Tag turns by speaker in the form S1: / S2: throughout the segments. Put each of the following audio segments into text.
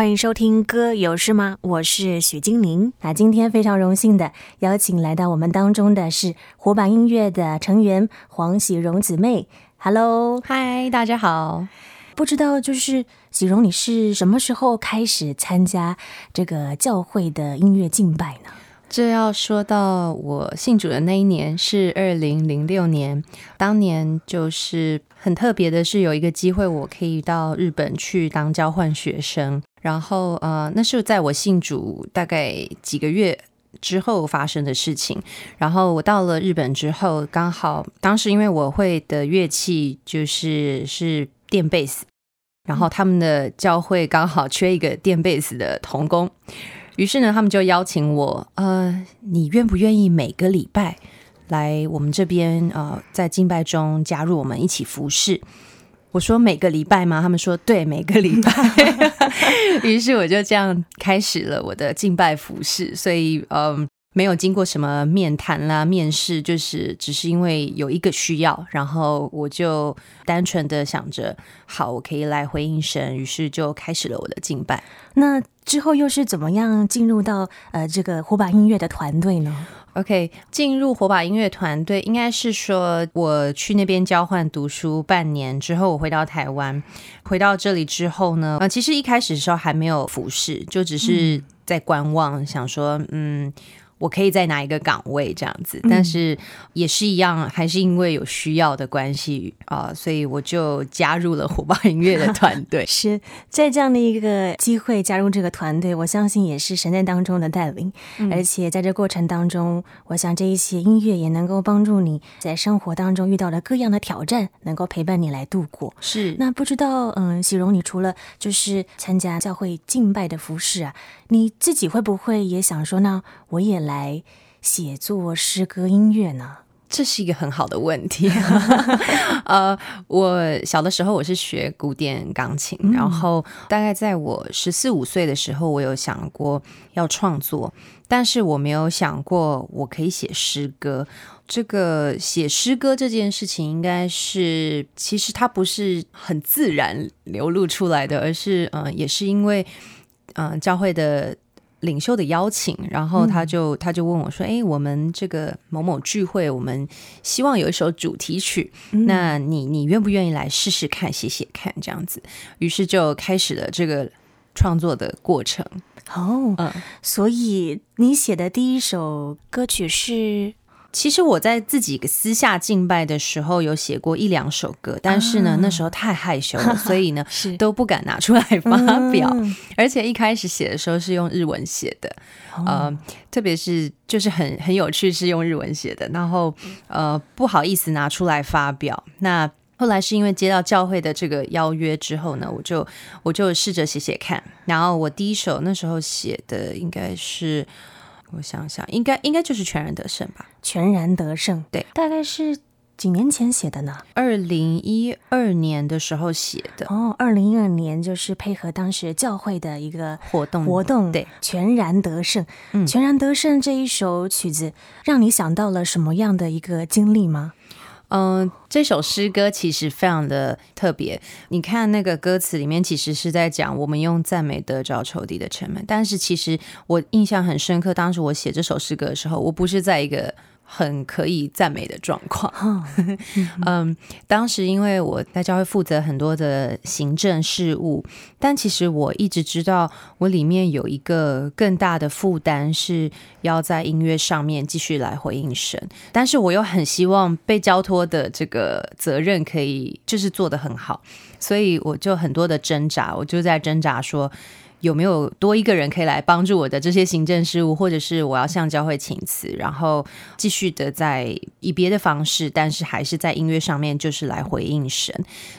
S1: 歡迎收聽歌《歌有事嗎》，我是許金寧。那今天非常榮幸的邀請來到我們當中的是火把音樂的成員黃喜蓉姊妹。Hello，嗨，Hi, 大家好。不知道就是喜蓉，你是什麼時候開始參加這個教會的音樂敬拜呢？這要
S2: 說到我信主的那一年是二零零六年，當年就是很特別的是有一個機會我可以到日本去當交換學生。然後呃、那是在我信主大概幾個月之後發生的事情。然後我到了日本之後，剛好當時因為我會的樂器就是是電貝斯，然後他們的教會剛好缺一個電貝斯的同工。於是呢，他們就邀請我，呃，你願不願意每個禮拜來我們這邊，呃，在敬拜中加入我們一起服侍？我說，每個禮拜嗎？他們說對，每個禮拜。 於是我就這樣開始了我的敬拜服侍。所以嗯。呃沒有經過什麼面談啦，面試就是只是因為有一個需要，然後我就單純的想着，好，我可以來回應神，於是就開始了我的敬拜。
S1: 那之後又是怎麼樣進入到呃這個火把音樂的團隊
S2: 呢？OK，進入火把音樂團隊應該是說我去那邊交換讀書半年之後，我回到台灣，回到這裡之後呢，呃，其實一開始的時候還沒有服侍，就只是在觀望，嗯，想說，嗯。我可以在哪一個崗位這樣子，但是也是一樣，嗯、還是因為有需要的關係
S1: 啊、呃，所以我就加入了火把音樂的團隊。 是在這樣的一個機會加入這個團隊，我相信也是神在當中的帶領、嗯。而且在這過程當中，我想這一些音樂也能夠幫助你在生活當中遇到的各樣的挑戰，能夠陪伴你來度過。是，那不知道，嗯，喜蓉你除了就是參加教會敬拜的服侍啊，你自己會不會也想說呢？我也來。來寫作詩歌音樂呢？這是一個很好的問題。
S2: 呃 ，uh, 我小的時候我是學古典鋼琴、嗯，然後大概在我十四五歲的時候，我有想過要創作，但是我沒有想過我可以寫詩歌。這個寫詩歌這件事情，應該是其實它不是很自然流露出來的，而是嗯、呃，也是因為嗯、呃、教會的。領袖的邀請，然後他就他就問我說、嗯：“哎，我們這個某某聚會，我們希望有一首主題曲，嗯、那你你願不願意來試試看、寫寫看這樣子？”於是就開始了這個創作的過程。哦、Oh，嗯，所以你寫的第一首歌曲是。其實我在自己私下敬拜的時候有寫過一兩首歌，但是呢，哦、那時候太害羞了，所以呢是都不敢拿出來發表、嗯。而且一開始寫的時候是用日文寫的，哦、呃，特別是就是很很有趣，是用日文寫的，然後呃不好意思拿出來發表、嗯。那後來是因為接到教會的這個邀約之後呢，我就我就試着寫寫看。然後我第一首那時候寫的應該是。我想想，應該應該就是全然得勝吧。全然得勝，對，大概是幾年前寫的呢？二
S1: 零一二年的時候寫的。哦，二零一二年就是配合當時教會的一個活動活動。對，全然得勝，嗯，全然得勝這一首曲子，讓你想到了什麼樣的一個經歷嗎？嗯，這首詩歌
S2: 其實非常的特別。你看那個歌詞裡面，其實是在講我們用讚美得着仇敵的城門。但是其實我印象很深刻，當時我寫這首詩歌的時候，我不是在一個。很可以讚美的狀況。 嗯，當時因為我在教會負責很多的行政事務，但其實我一直知道，我裡面有一個更大的負擔，是要在音樂上面繼續來回應神。但是我又很希望被交托的這個責任可以就是做得很好，所以我就很多的掙扎，我就在掙扎說。有沒有多一個人可以來幫助我的這些行政事務，或者是我要向教會請辭，然後繼續的在以別的方式，但是還是在音樂上面就是來回應神。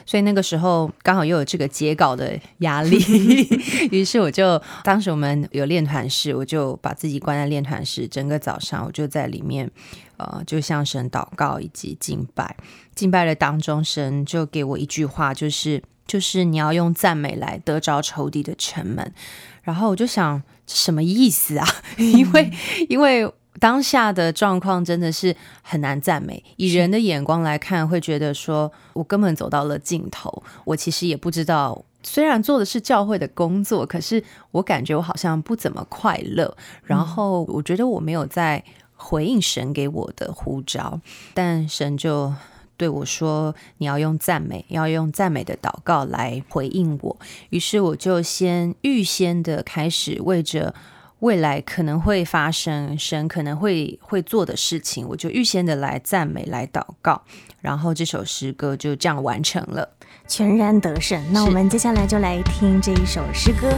S2: 所以那個時候剛好又有這個截稿的壓力， 於是我就當時我們有練團室，我就把自己關在練團室，整個早上我就在裡面呃就向神禱告以及敬拜，敬拜的當中神就給我一句話，就是，就是你要用讚美來得着仇敵的城門，然後我就想什麼意思啊？ 因為因為當下的狀況真的是很難讚美，以人的眼光來看，會覺得說我根本走到了盡頭。我其實也不知道，雖然做的是教會的工作，可是我感覺我好像不怎麼快樂。然後我覺得我沒有在回應神給我的呼召，但神就。對我說：“你要用讚美，要用讚美的禱告來回應我。”於是我就先預先的開始為着未來可能會發生、神可能會會做的事情，我就預先的來讚美、來禱告。然後這首詩歌就
S1: 這樣完成了，全然得勝。那我們接下來就來聽這一首詩歌。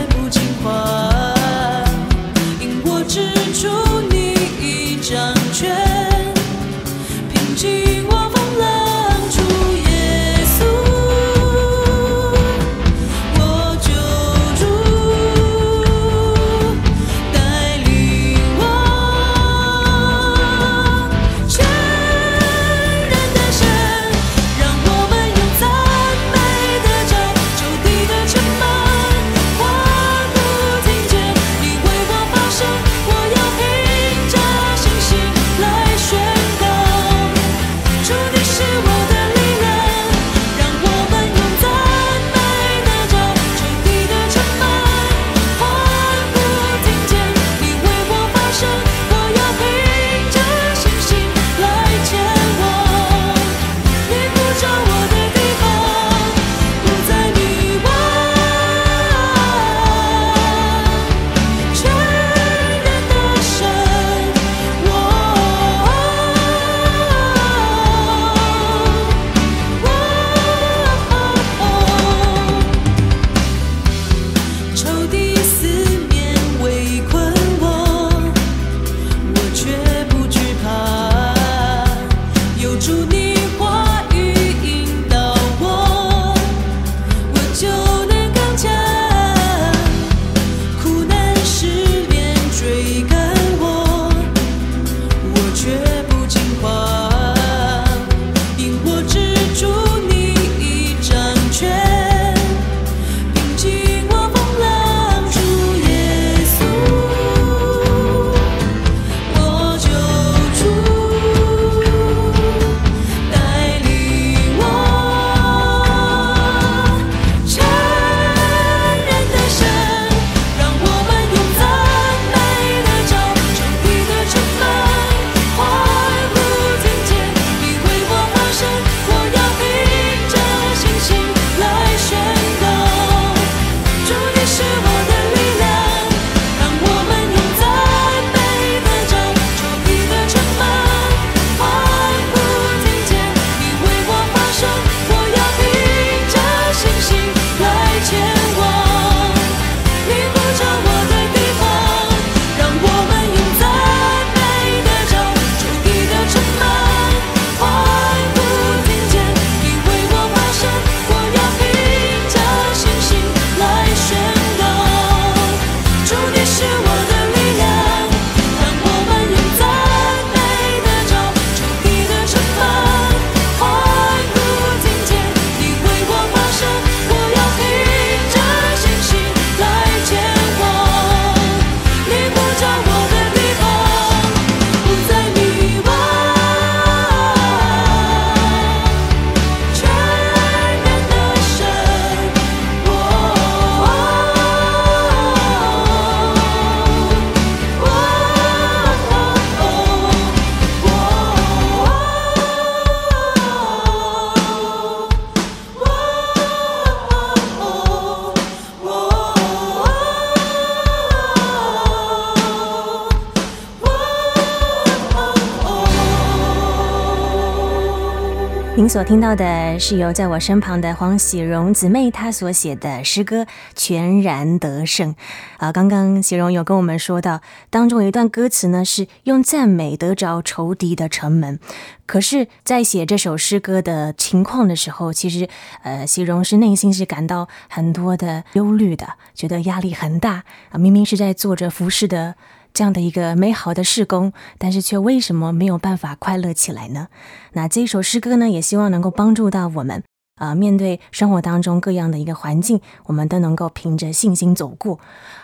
S1: 所聽到的是由在我身旁的黃喜蓉姊妹她所寫的詩歌《全然得勝》啊、呃，剛剛喜蓉有跟我們說到，當中有一段歌詞呢，是用讚美得着仇敵的城門，可是，在寫這首詩歌的情況的時候，其實呃，喜蓉是內心是感到很多的憂慮的，覺得壓力很大啊，明明是在做着服事的。這樣的一個美好的事工，但是卻為什麼沒有辦法快樂起來呢？那這一首詩歌呢，也希望能夠幫助到我們啊、呃，面對生活當中各樣的一個環境，我們都能夠憑着信心走過。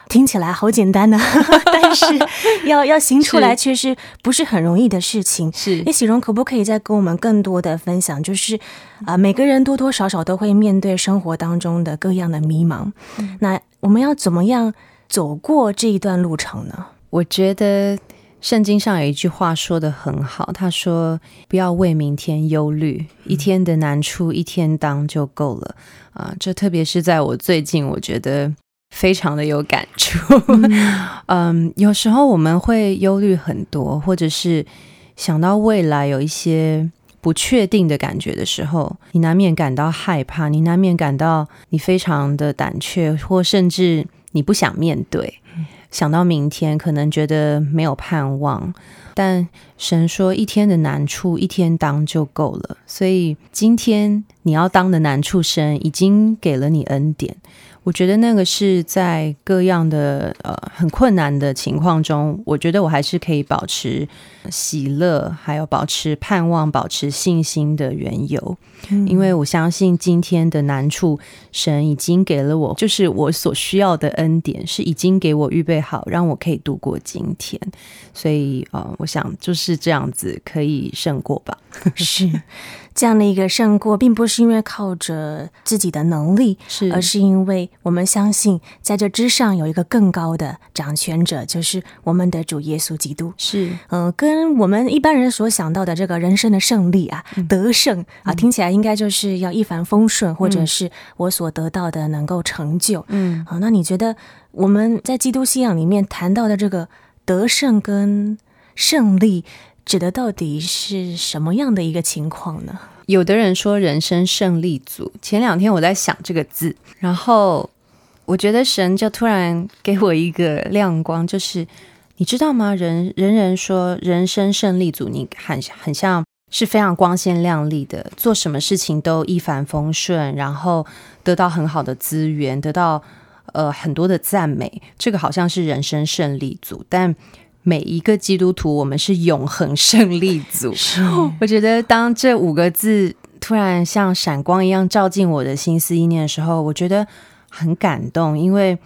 S1: 聽起來好簡單呢、啊， 但是要要行出來，確實不是很容易的事情。 是，那喜蓉可不可以再跟我們更多的分享？就是啊、呃，每個人多多少少都會面對生活當中的各樣的迷茫，嗯、那我們要怎麼樣走過這一段路程呢？我覺得聖經上有一句
S2: 話說得很好，他說：“不要為明天憂慮，一天的難處一天當就夠了。”呃啊，這特別是在我最近，我覺得非常的有感觸。 嗯，有時候我們會憂慮很多，或者是想到未來有一些不確定的感覺的時候，你難免感到害怕，你難免感到你非常的膽怯，或甚至你不想面對。想到明天，可能覺得沒有盼望，但神說一天的難處，一天當就夠了。所以今天你要當的難處，神已經給了你恩典。我覺得那個是在各樣的呃，很困難的情況中，我覺得我還是可以保持喜樂，還有保持盼望，保持信心的緣由。
S3: 嗯，因為
S2: 我相信今天的難處，神已經給了我，就是我所需要的恩典是已經給我預備好，讓我可以度過今天。所以，呃，我想就是這樣子可以勝過吧。 是。
S1: 這樣的一個勝過，並不是因為靠着自己的能力，是，而是因為我們相信，在這之上有一個更高的掌權者，就是我們的主耶穌基督。是，嗯、呃，跟我們一般人所想到的這個人生的勝利啊，嗯、得勝啊、呃，聽起來應該就是要一帆風順、嗯，或者是我所得到的能夠成就，嗯，好、呃，那你覺得我們在基督信仰裡面談到的這個得勝跟勝利，指的到底是什麼樣的一個情況呢？有的人說人生
S2: 勝利組。前兩天我在想這個字，然後我覺得神就突然給我一個亮光，就是你知道嗎？人人人說人生勝利組，你很很像是非常光鮮亮麗的，做什麼事情都一帆風順，然後得到很好的資源，得到呃很多的讚美，這個好像是人生勝利組，但。每一個基督徒，我們是永恆勝利組。是，我覺得當這五個字突然像閃光一樣照進我的心思意念的時候，我覺得很感動。因為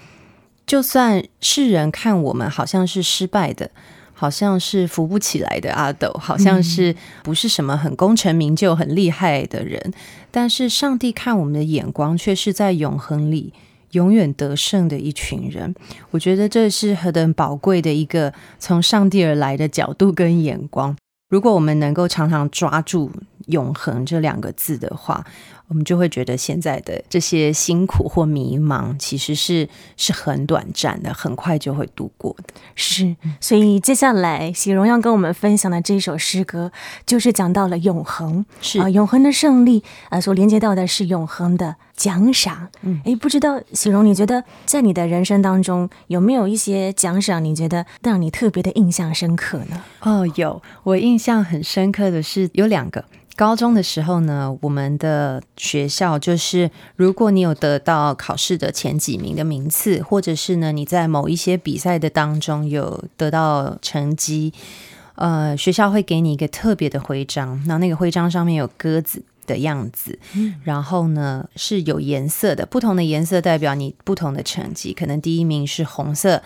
S2: 就算世人看我們好像是失敗的，好像是扶不起來的阿斗，好像是不是什麼很功成名就、很厲害的人，嗯，但是上帝看我們的眼光却是在永恆裡。永遠得勝的一群人，我覺得這是何等寶貴的一個從上帝而來的角度跟眼光。如果我們能夠常常抓住“永恆”這兩個字的話，我們就會覺得現在的這些辛苦或迷茫，其實是是很
S1: 短暫的，很快就會度過的。是，所以接下來喜蓉要跟我們分享的這首詩歌，就是講到了永恆，是啊，永恆的勝利啊，呃，所連接到的是永恆的獎賞。嗯，誒，不知道喜蓉，你覺得在你的人生當中，有沒有一些獎賞，你覺得讓你特別的印象深刻呢？哦，有，我印象很深刻的是有兩個。高中的時候呢，我們的
S2: 學校就是，如果你有得到考試的前幾名的名次，或者是呢，你在某一些比賽的當中有得到成績，呃，學校會給你一個特別的徽章，那那個徽章上面有鴿子的樣子，然後呢是有顏色的，不同的顏色代表你不同的成績，可能第一名是紅色，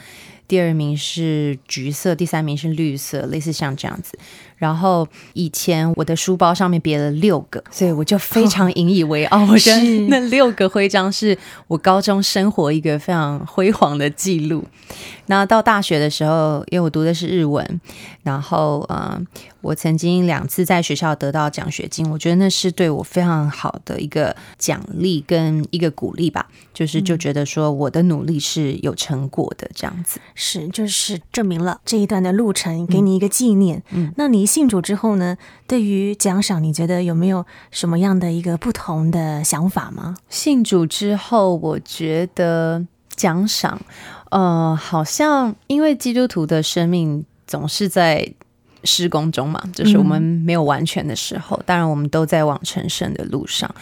S2: 第二名是橘色，第三名是綠色，類似像這樣子。然後以前我的書包上面別了六個，所以我就非常引以為傲。我覺得、哦、那六個徽章是我高中生活一個非常輝煌的記錄。 那到大學的時候，因為我讀的是日文，然後呃，我曾經兩次在學校得到獎學金，我覺得那是對我非常好的一個獎勵跟一個鼓勵吧。就是就覺得說我的努力是有成果的這樣子。
S1: 是，就是證明了這一段的路程，給你一個紀念。嗯，嗯，那你。信主之後呢？對於獎賞，你覺得有沒有什麼樣的一個不同的想法嗎？信主之後，我
S2: 覺得獎賞，呃，好像因為基督徒的生命總是在施工中嘛，就是我們沒有完全的時候。嗯、當然，我們都在往成聖的路上。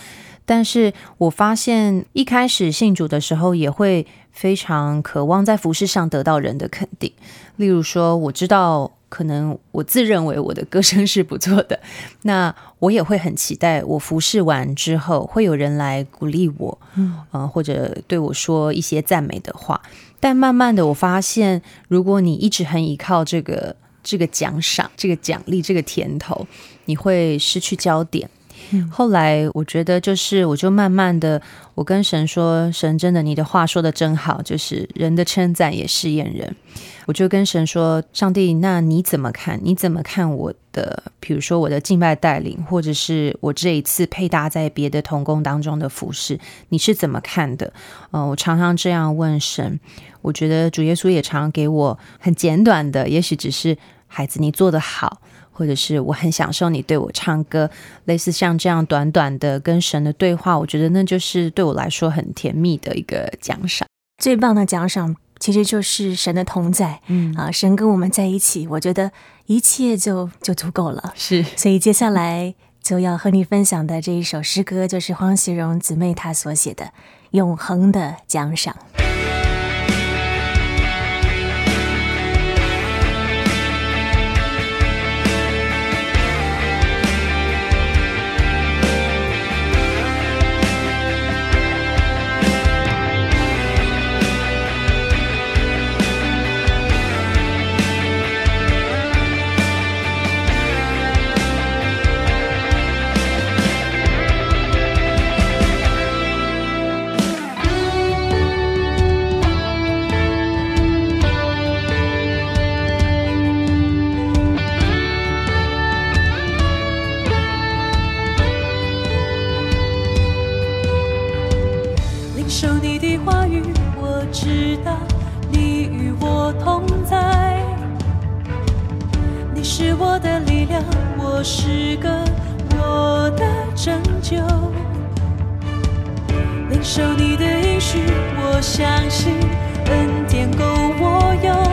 S2: 但是我發現，一開始信主的時候，也會非常渴望在服事上得到人的肯定。例如說，我知道。可能我自認為我的歌聲是不錯的，那我也會很期待我服侍完之後會有人來鼓勵我，嗯、呃，或者對我說一些讚美的話。但慢慢的我發現，如果你一直很依靠這個這個獎賞、這個獎勵、這個甜頭，你會失去焦點。後來我覺得，就是我就慢慢的，我跟神說：“神真的，你的話說得真好，就是人的稱讚也試驗人。”我就跟神說：“上帝，那你怎麼看？你怎麼看我的？比如說我的敬拜帶領，或者是我這一次配搭在別的同工當中的服飾，你是怎麼看的？”呃，我常常這樣問神。我覺得主耶穌也常常給我很簡短的，也許只是：“孩子，你做得好。”或者是我很享受你對我唱歌，類似像這樣短短的跟神的對話，我覺得那就是對我來說很甜蜜的一個獎賞。
S1: 最棒的獎賞其實就是神的同在，嗯啊，神跟我們在一起，我覺得一切就就足夠了。是，所以接下來就要和你分享的這一首詩歌，就是黃喜蓉姊妹她所寫的《永恆的獎賞》。
S3: 我相信恩典夠我用。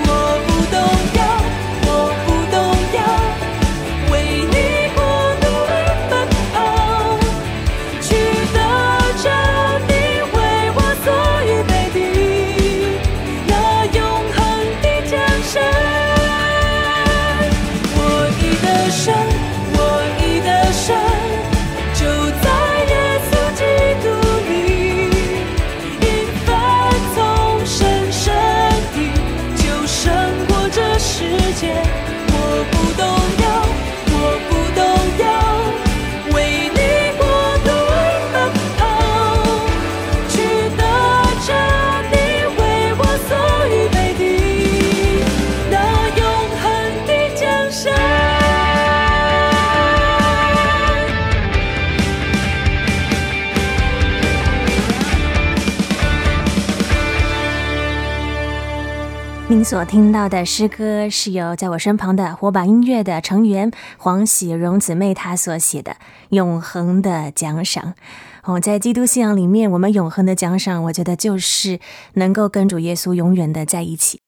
S1: 你所聽到的詩歌是由在我身旁的火把音樂的成員黃喜蓉姊妹她所寫的《永恆的獎賞》。哦，在基督信仰裡面，我們永恆的獎賞，我覺得就是能夠跟主耶穌永遠的在一起。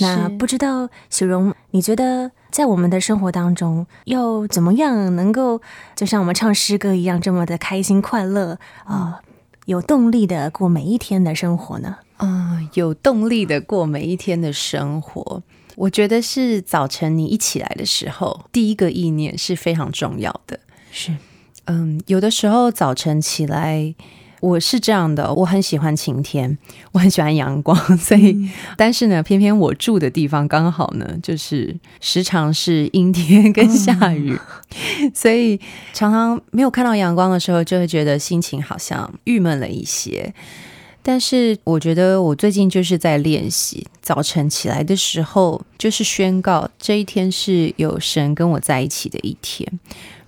S1: 那不知道喜蓉，你覺得在我們的生活當中又怎麼樣能夠就像我們唱詩歌一樣這麼的開心快樂啊、哦，有動力的過每一天的生活呢？啊、嗯，有動力
S2: 的過每一天的生活，我覺得是早晨你一起來的時候，第一個意念是非常重要的。是，嗯，有的時候早晨起來，我是這樣的、哦，我很喜歡晴天，我很喜歡陽光。所以、嗯，但是呢，偏偏我住的地方剛好呢，就是時常是陰天跟下雨，嗯、所以常常沒有看到陽光的時候，就會覺得心情好像鬱悶了一些。但是我覺得，我最近就是在練習，早晨起來的時候，就是宣告這一天是有神跟我在一起的一天，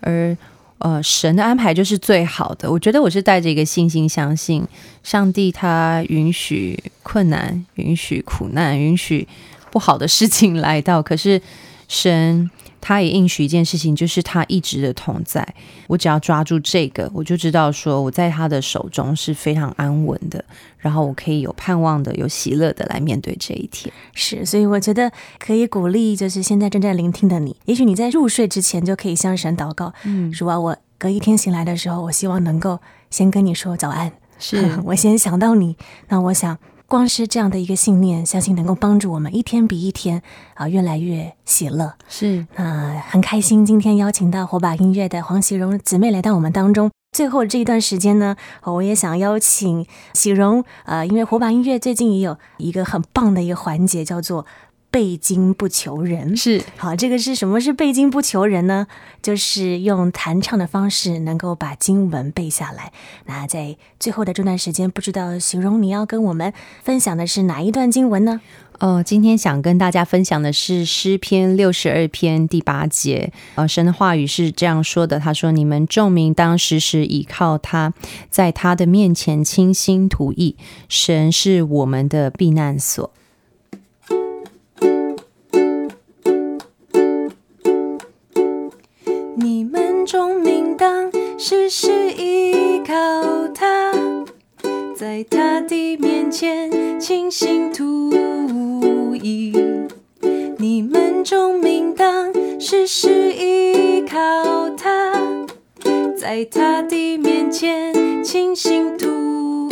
S2: 而呃，神的安排就是最好的。我覺得我是帶着一個信心相信上帝，他允許困難，允許苦難，允許不好的事情來到，可是神。他也應許一件事情，就是他一直的同在。我只要抓住這個，我就知道說我在他的手中是非常安穩的。然後我可以有盼望的，有喜樂的來面
S1: 對這一天。是，所以我覺得可以鼓勵，就是現在正在聆聽的你，也許你在入睡之前就可以向神禱告，嗯，說啊，我隔一天醒來的時候，我希望能夠先跟你說早安，是 我先想到你。那我想。光是這樣的一個信念，相信能夠幫助我們一天比一天啊越來越喜樂。是啊、呃，很開心今天邀請到火把音樂的黃喜蓉姊妹來到我們當中。最後這一段時間呢，哦、我也想邀請喜蓉啊、呃，因為火把音樂最近也有一個很棒的一個環節，叫做。背經不求人是好，這個是什麼？是背經不求人呢？就是用彈唱的方式能夠把經文背下來。那在最後的這段時間，不知道喜蓉你要跟我們分享的是哪一段經文呢？哦、呃，今天想跟大家分享的是詩篇六十二篇第八節。哦、
S2: 呃，神的話語是這樣說的：“他說，你們眾民當時時倚靠他，在他的面前傾心吐意。神是我們的避難所。”
S3: 時時依靠他，在他的面前傾心吐意。你們眾民當時時依靠他，在他的面前傾心吐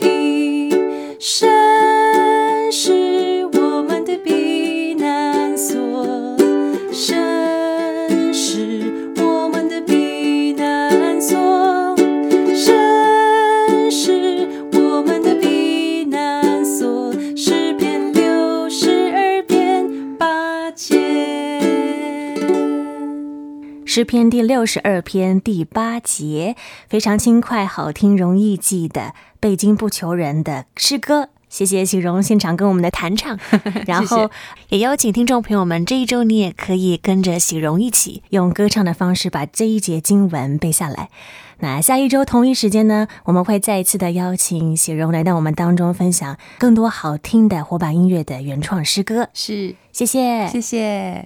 S3: 意。
S1: 詩篇第六十二篇第八節，非常輕快、好聽、容易記的背經不求人的詩歌。謝謝喜蓉現場跟我們的彈唱， 然後也邀請聽眾朋友們，這一周你也可以跟着喜蓉一起用歌唱的方式把這一節經文背下來。那下一周同一時間呢，我們會再一次的邀請喜蓉來到我們當中，分享更多好聽的火把音樂的原創詩歌。是，謝謝，謝謝。